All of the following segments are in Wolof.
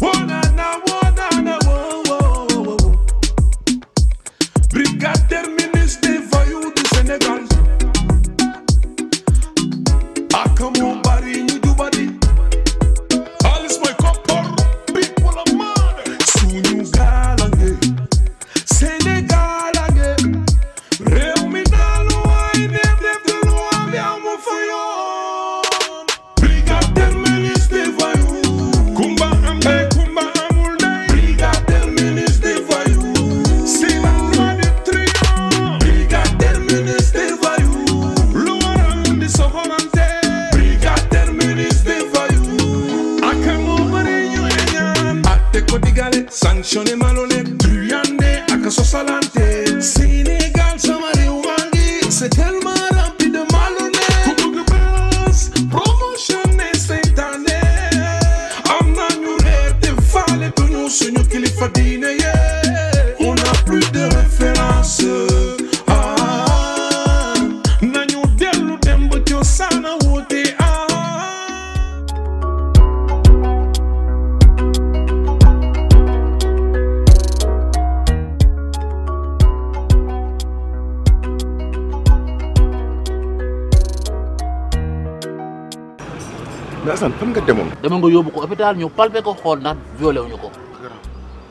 One mais Assane fan nga demoon. dama nga yóbbu ko hôpital ñu palpé ko xool ndax violé wuñu ko.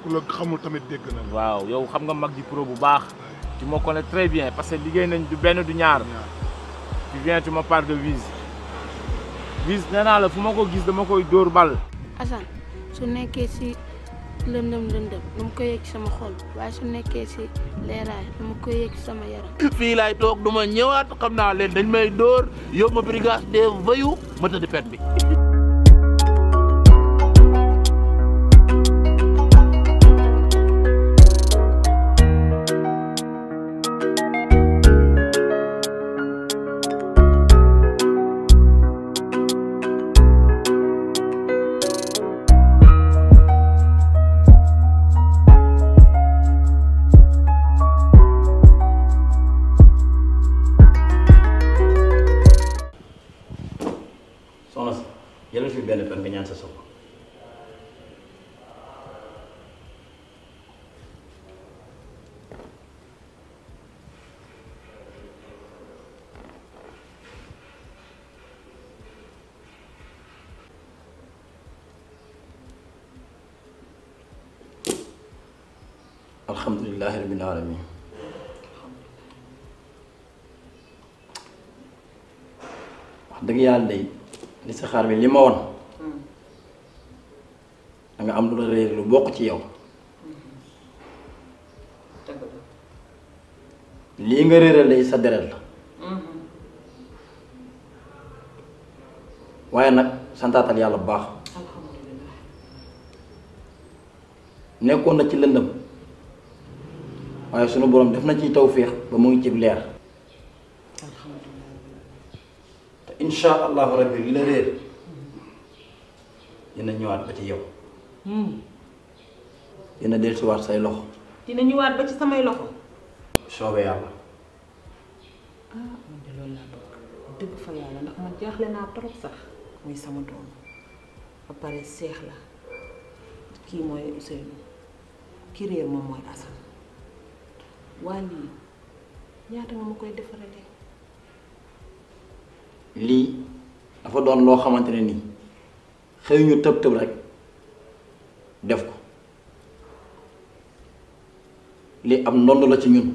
ku la xamul tamit dégg na. waaw yow xam nga mag ji pro bu tu me connais très bien parce que liggéey nañ du tu viens tu me parles de Wiz. Wiz nee naa la fu ma ko gis dama koy dóor bal. Assane su lëndëm lëndëm dama koy yëg sama xol waaye su nekkee si leeraay dama koy yëg sama yaram. fii laay toog du ma ñëwaat xam naa leen dañ may dóor yow ma brigade des voyous ma tëdd pet bi. alhamdulilahi rabbil alamin wax dëgg yàlla day li sa xaar bi li ma woon da am lu la réer lu bokk ci yow lii nga réeral day sa deret la waaye nag santaatal yàlla bu baax nekkoon na ci lëndëm waaye sunu borom def na ci tawféex ba mu ngi ci leer te insha allahu rabbi li la réer dina ñëwaat ba ci yow hmm. dina dellusiwaat say loxo dina ñëwaat ba ci samay loxo soobee yàlla ah man de loolu laa bëgg dëgg fa yàlla ndax man jaaxle naa trop sax muy sama doom ba seex la kii mooy Ousseynou ki réer moom mooy Assane waa lii koy defaralee. dafa doon loo xamante ne nii xëy ñu tëb tëb rek def ko lii am ndond la ci ñun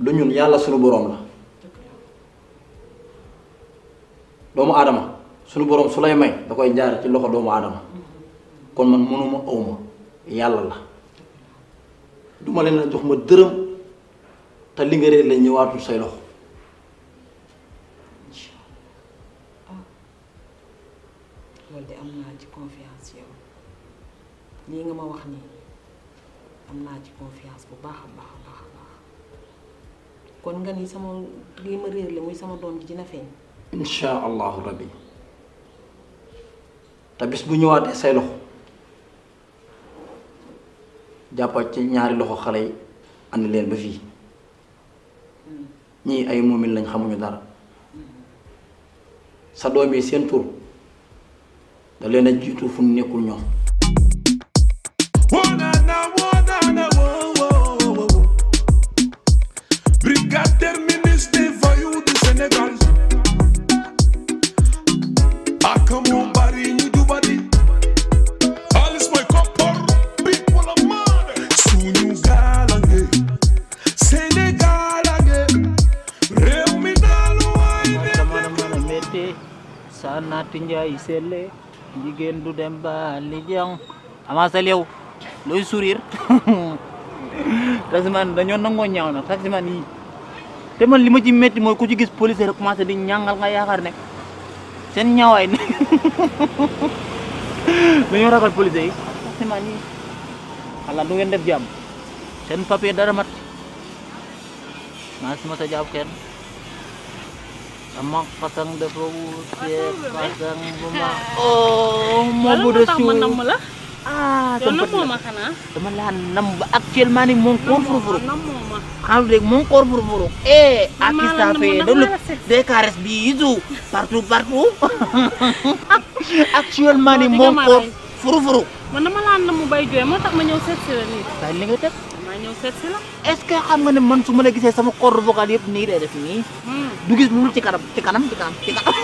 du ñun yàlla sunu boroom la doomu aadama sunu boroom su lay may da koy jaar ci loxo doomu aadama kon man mënuma awma yàlla la duma leen a jox ma dërëm te li nga réer la ñëwaatul say loxo loolu de am naa ci confiance yow lii nga ma wax nii am naa ci confiance bu baax a baax a baax a baax kon nga ni sama lii ma réer la muy sama doom ji dina feeñ insha allahu rabbi te bis bu ñëwaatee say loxo jàppaat ci ñaari loxo xale yi andi leen ba fii ñii ay moomin lañ xamuñu dara sa doom yi seen tur da leen a jiitu fu nekkul ñoom sana tinja isele jigen du dem ba li jang amasal yow loy sourire taximan dañu nango ñaw teman taximan yi te man lima ci metti moy ku ci gis police rek commencé di ñangal nga yaakar nek sen ñaway ne dañu ragal police yi taximan yi ala du ngeen def jam sen papier dara mat sa Emak pasang dapur, siap ya, pasang rumah. Oh, mau bodoh sih. Ah, teman ah? mau makan ah? Teman lah, nambah akcil mani mungkur furu furu. Ambil mungkur furu furu. Eh, aku sampai dulu deh biju bizu, partu partu. mana mani mungkur furu Mana malah nemu bayi ya? gue, mau tak menyusut sih ini? Tadi nggak ñëw seet si la. est-ce que xam nga ne man su ma la gisee sama corps vocal yëpp nii lay def nii. Hmm. du gis lu ci kanam ci kanam ci kanam ci kanam.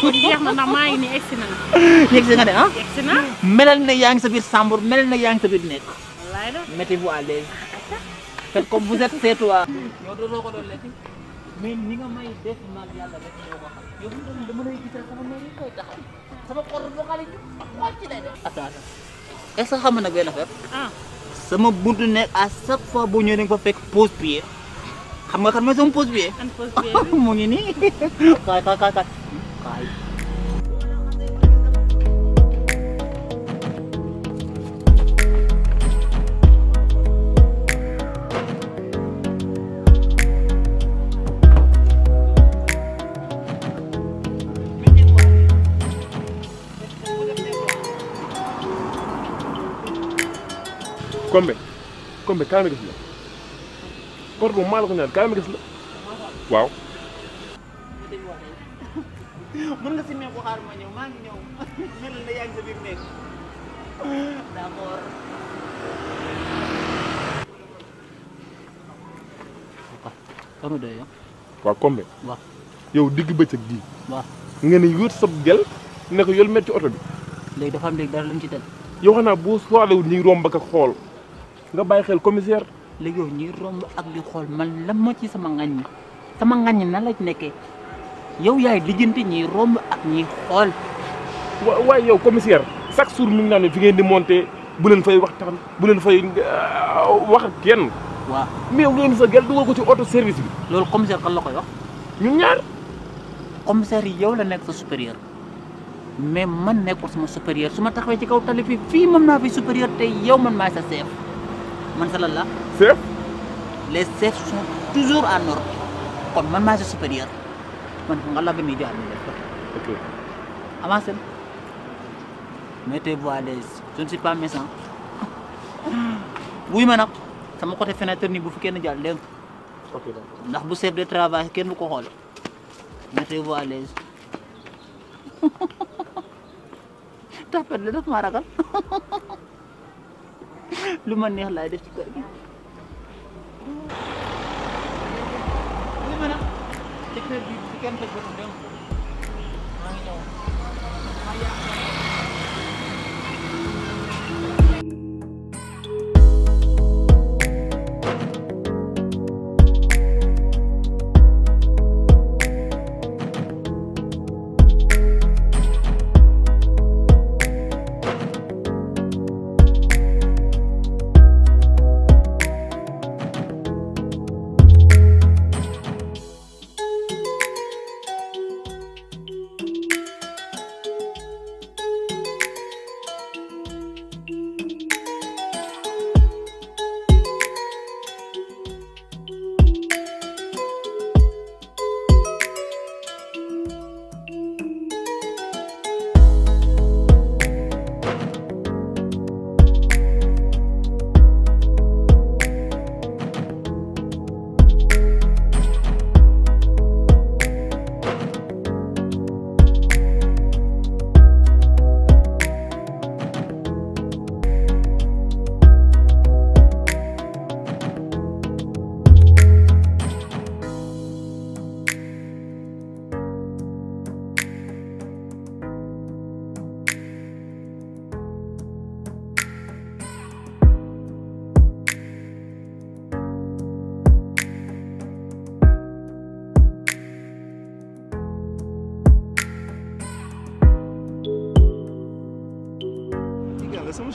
kon jeex na ndax maa ngi nii egsi na egsi nga de ah. egsi na melal na yaa ngi sa biir Sambour melal na yaa ngi sa biir nekk. wallaay la mettez-vous à l'aise. Ah, ah, ah. faites comme vous êtes c'est toi. yow dootoo ko doon lekk mais ni nga may def maag yàlla rek ñoo ko xam yow dama lay gis rek sama noor yi koy taxaw sama corps vocal yi xool ci lay def. attends est-ce que xam nga nag benn affaire. sama buntu nekk à chaque fois b u o ñ ë w e da nga fa fekk pose pied xam nga k a m nga sama p am pose p i mu ngi nii kaay kaay kaay kaay. combe combe kaay ma gis la kor bu maa la ko ñaan kaay ma gis la waaw. mën nga si meeku xaar ma ñëw maa ngi ñëw mel na yaa sa biir nekk d'accord. kanu doy yow. waaw kombe. yow digg bëccëg gii. waaw nga gel ne ko yol met ci bi. dafa am dara lu ci yow romb ak nga bàyyi xel commissaire. léegi yow ñuy romb ak di xool man la ma ci sama ngañ sama ngañ nan la ci nekkee yow yaay lijjanti ñiy romb ak ñiy xool. waaye yow commissaire chaque jour mi ngi naan fi ngeen di monter bu leen fay waxtaan bu leen fay euh, wax ak kenn. waaw mais ngeen sa gel dugal ko ci oto service bi. loolu commissaire ka la koy wax. ñun ñaar. commissaire yi yow la nekk sa supérieur mais man nekkul sama supérieur su ma taxawee ci kaw tali fii fii mën naa fi supérieur te yow man maa sa chef. man Salallah. chef. les chefs toujours en ordre kon man maa si supérieur man nga la bi muy joxe def ko. ok avancé à l'aise je ne suis pas méchant. wuy ma nag sama côté fenêtre nii bu fi kenn jàll dégg ndax bu chef de travail kenn bu ko xoole mettez-vous à l'aise tapet li daf maa ragal luma ma neex laay def ci kër gi. ci kër gi ci kenn tëj ba ma ngi ñëw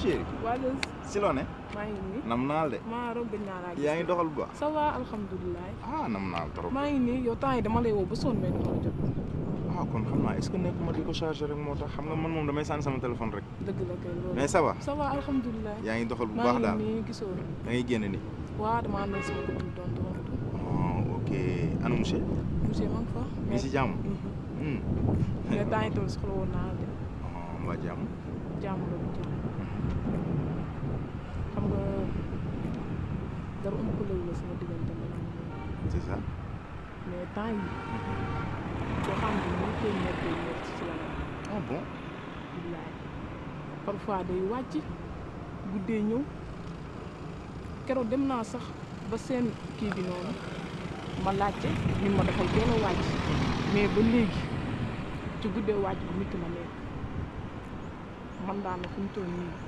chéri waaw si loo ne maa ngi nii nam naa la de maa romb ah nam naa la trop maa ngi nii yow temps yi dama lay woo ba sonn mais ah kon xam naa est ce que nekkuma di ko chargé rek moo tax sama téléphone rek dëgg la kay loolu mais ça va ça va alhamdulilah yaa ngi doxal bu baax daal maa ngi nii gisoo da ngay génn nii waaw dama ànd ak sama copine tonton oh ok ana monsieur monsieur maa ngi fa mi si jàmm mais xam nga dara am ko léegi la sama diggante la. c'est ça. mais temps yi boo xam ne ñu koy nekkee nekk ci la. ah bon. billaay parfois day wàcc guddee ñëw keroog dem naa sax ba seen kii bi noonu ma laajte ñun ma dafay teel wàcc mais ba léegi ci guddee wàcc bu métti ma nekk man daal na fu nii.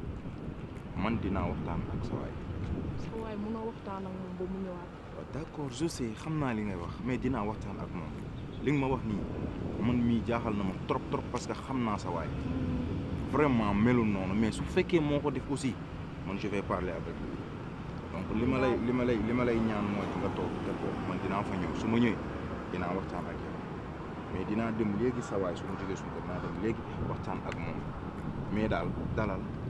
man dinaa waxtaan ak sa waay. munoo waxtaan ak moom ba mu ñëwaat. Oh, d'accord je xam naa li ngay wax mais dinaa waxtaan ak moom li nga ma wax nii man mii jaaxal na ma trop trop parce que xam naa sa vraiment melul noonu mais su fekkee moo ko def aussi man je vais donc li ma lay li ma lay li ma lay ñaan mooy nga toog man dinaa fa su ma ñëwee dinaa waxtaan ak yow dinaa dem léegi sa waay su ma jógee suñu dem léegi waxtaan ak moom mais daal dalal.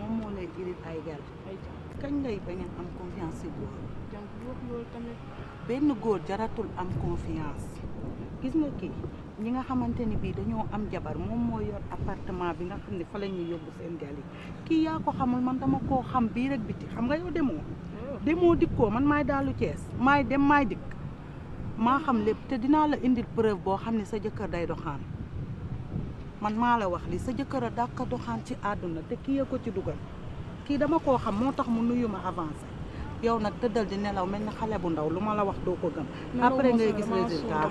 moom moo lay jiril ay gal kañ ngay bañ am confiance si góor benn góor jaratul am confiance gis nga kii ñi nga xamante ni bii dañoo am jabar moom moo yor appartement bi nga xam ne fa la ñuy yóbbu seen gal yi kii yaa ko xamul man dama koo xam bii rek biti xam nga yow demoo oh. demoo dikkoo man maay daalu Cees maay dem maay dikk maa xam lépp te dinaa la indil preuve boo xam ne sa jëkkër day doxaan man maa la wax li sa jëkkër a dàq doxaan ci àdduna te kii ya ko ci dugal kii dama koo xam moo tax mu nuyu ma avancé yow nag tëddal di nelaw mel ni xale bu ndaw lu ma la wax doo ko gëm après ngay gis résultat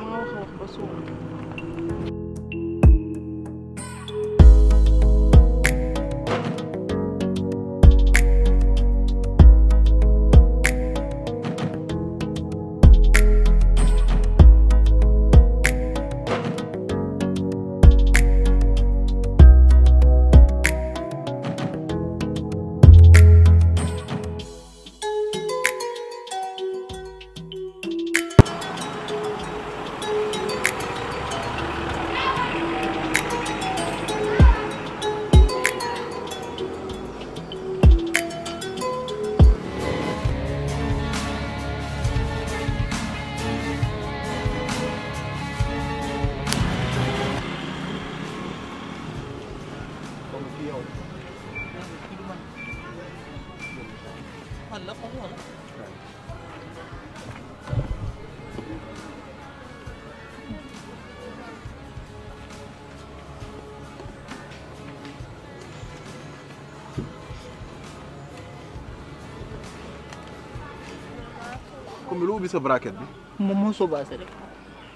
milu bisa bracket bi mo mo so ba sere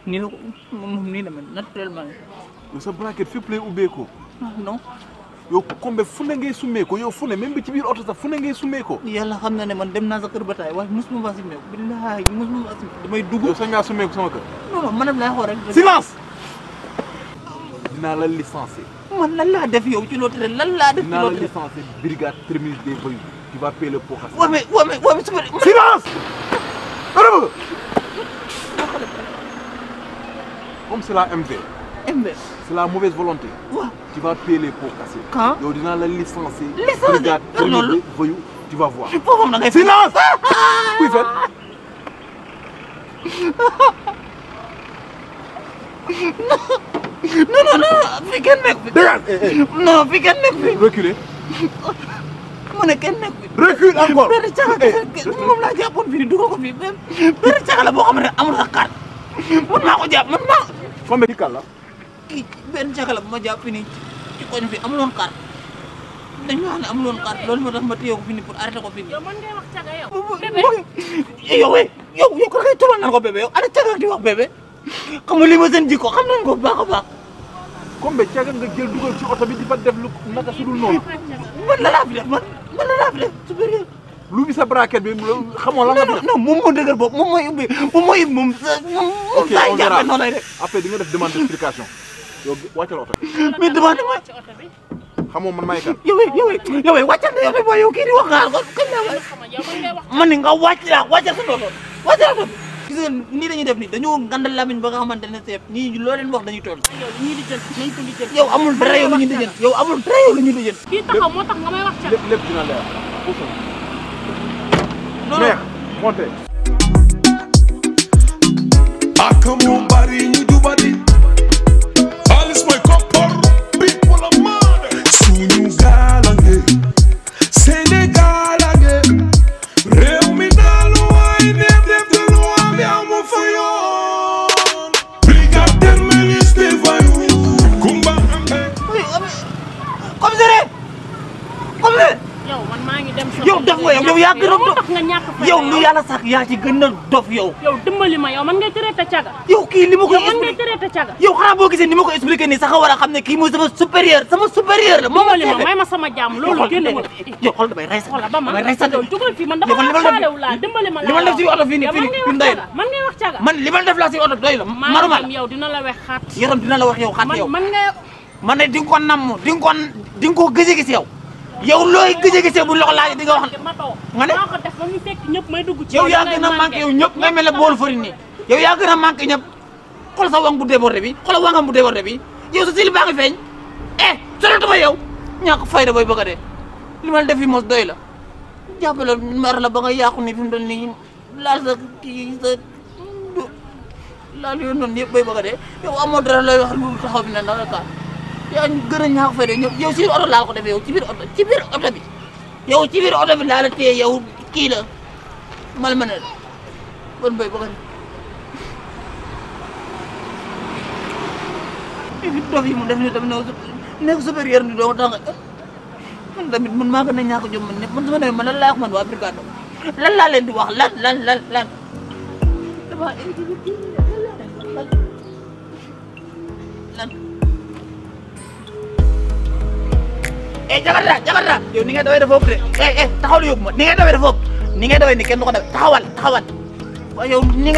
ni no mo ni na men naturellement sa bracket fi play ube ko ah, non yo kombe fune ngay summee ko yow fune même bi ci biir oto sax fune ngay summee ko yàlla xam na ne man dem naa sa kër ba taay waaye mosuma faa summee ko billahi mosuma faa summee damay dugg yow sañ ngaa summee ko sama kër non non manam laa xool rek silence dinaa la licencier man lan laa def yow ci lotere lan laa def ci lotere dinaa la licencier brigade terminus des voyous tu vas payer le pot waaw mais mais mais silence comme c'est la MV c'est la mauvaise volonté tu vas payer les pauvres cassés quand au la regarde, ton voyou tu vas voir silence ah! Oui fait. non non non eh, eh. non. Regarde, non mu ne kenn nekkul. recule encore mau caga moom laa jàppoon fii dugal ko fii benn caga la boo xam ne amul sa carte man maa ko mau man maa. fombe kii kan la. kii benn caga la bu ma jàpp kau ci koñ fi amuloon carte dañ mau wax ne amuloon carte loolu moo tax ma téye ko fii nii pour arrêté ko fii nii. yow mën ngay wax caga yow. bébé yow yow yow kon kay tubaab nan ko bébé yow ana caga di sudul noonu. man la laa fi mën na lu bi sa braquette bi xamoo la nga def non moom moo dëgër boobu moom moo ubbi moom mooy moom sa moom saa def après di nga def demande d'explication yow wàccal oto bi mais demande ma xamoo man may kan yow yow yow wàccal yow boo yow kii wax nga ko kañ la man ni nga wàcc laa wàccal sa gis ngeen nii dañuy def nii dañoo gàndal làmmiñ ba nga xamante ne seet ñii loo leen wax dañuy toll. yow amul dara yow lu ñu dëjën amul dara yow lu ñu dëjën. kii taxaw moo tax nga lépp lépp dina leer yaa gën a dof yow lu yàlla sax yaa ci gën a dof yow. yow dimbali ma yow man ngay traité caga. yow kii li ma koy expliqué yow man ngay traité caga. ni ma war a xam ne kii mooy sama supérieur sama supérieur la. may ma sama jàmm loolu génn ma. yow xool damay rey sa damay rey man dama la faale wu man ngay wax caga man li ma ko namm di nga ko gëse gis yow yow looy gëj a bu loxo laajee di nga wax nga ne. yow yaa gën a manqué yow ñëpp nga mel ne boolu farine nii yow yaa gën a manqué ñëpp xool sa wang bu débordé bi xoolal wangam bu débordé bi yow sa sili baa ngi feeñ eh sonatuma yow ñàkk fayda booy bëgg de dee li ma def fi mos doy la jàppale mar la ba nga yàqu ni fi mu ni nii laal sa kii sa laal yooyu noonu yëpp bay bëgg a dee yow amoo dara looy wax lu taxaw bi ne naka yaa ñu gën a ñaaw fay ñoom yow si biir oto laa ko defee yow ci biir oto ci biir oto bi yow mal ma ne la bon bay bëgg dof yi mu def ni tamit ne nekk supérieur ni doo tax man tamit man maa gën a ñàkk jom man ñëpp man sama demee man lan lan lan lan lan lan eh jakarta jakarta yow ni ngay dawee eh eh taxawal yóbbu ni ngay dawee dafa ëpp ni ngay dawee ni kenn du ko dawee taxawal taxawal yow ni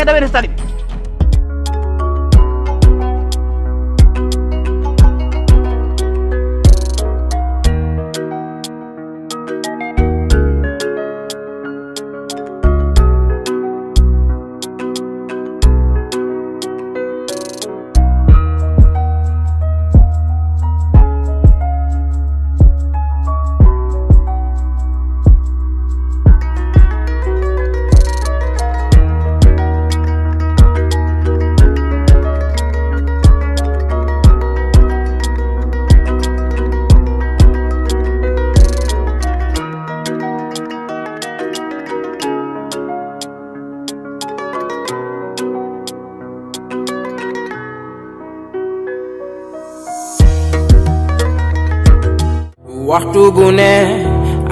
bu ne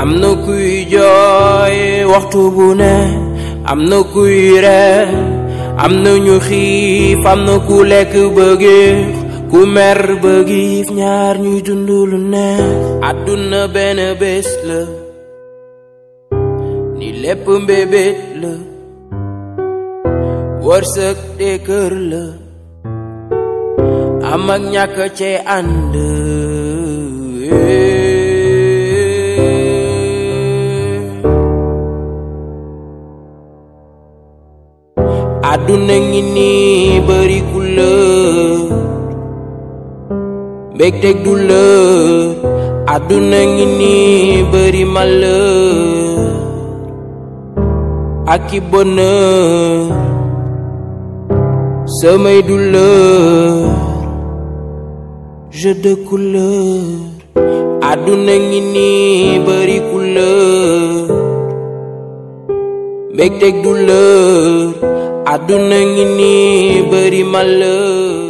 am na kuy jooy waxtu bu ne am na kuy re am na ñu xiif am na ku lekk bëggee ku mer bëggiif ñaar ñuy dund lu àdduna benn bés la ni lépp mbébét la wërsëg kër la am ak ñàkk ànd àdduna ngi nii bëri couleur mbégteeg douleur àdduna ngi nii bëri malheur ak i bonheur samay douleur jeu de couleur àdduna ngi nii bëri couleur mbégteeg douleur àdduna ngi nii bëri malheur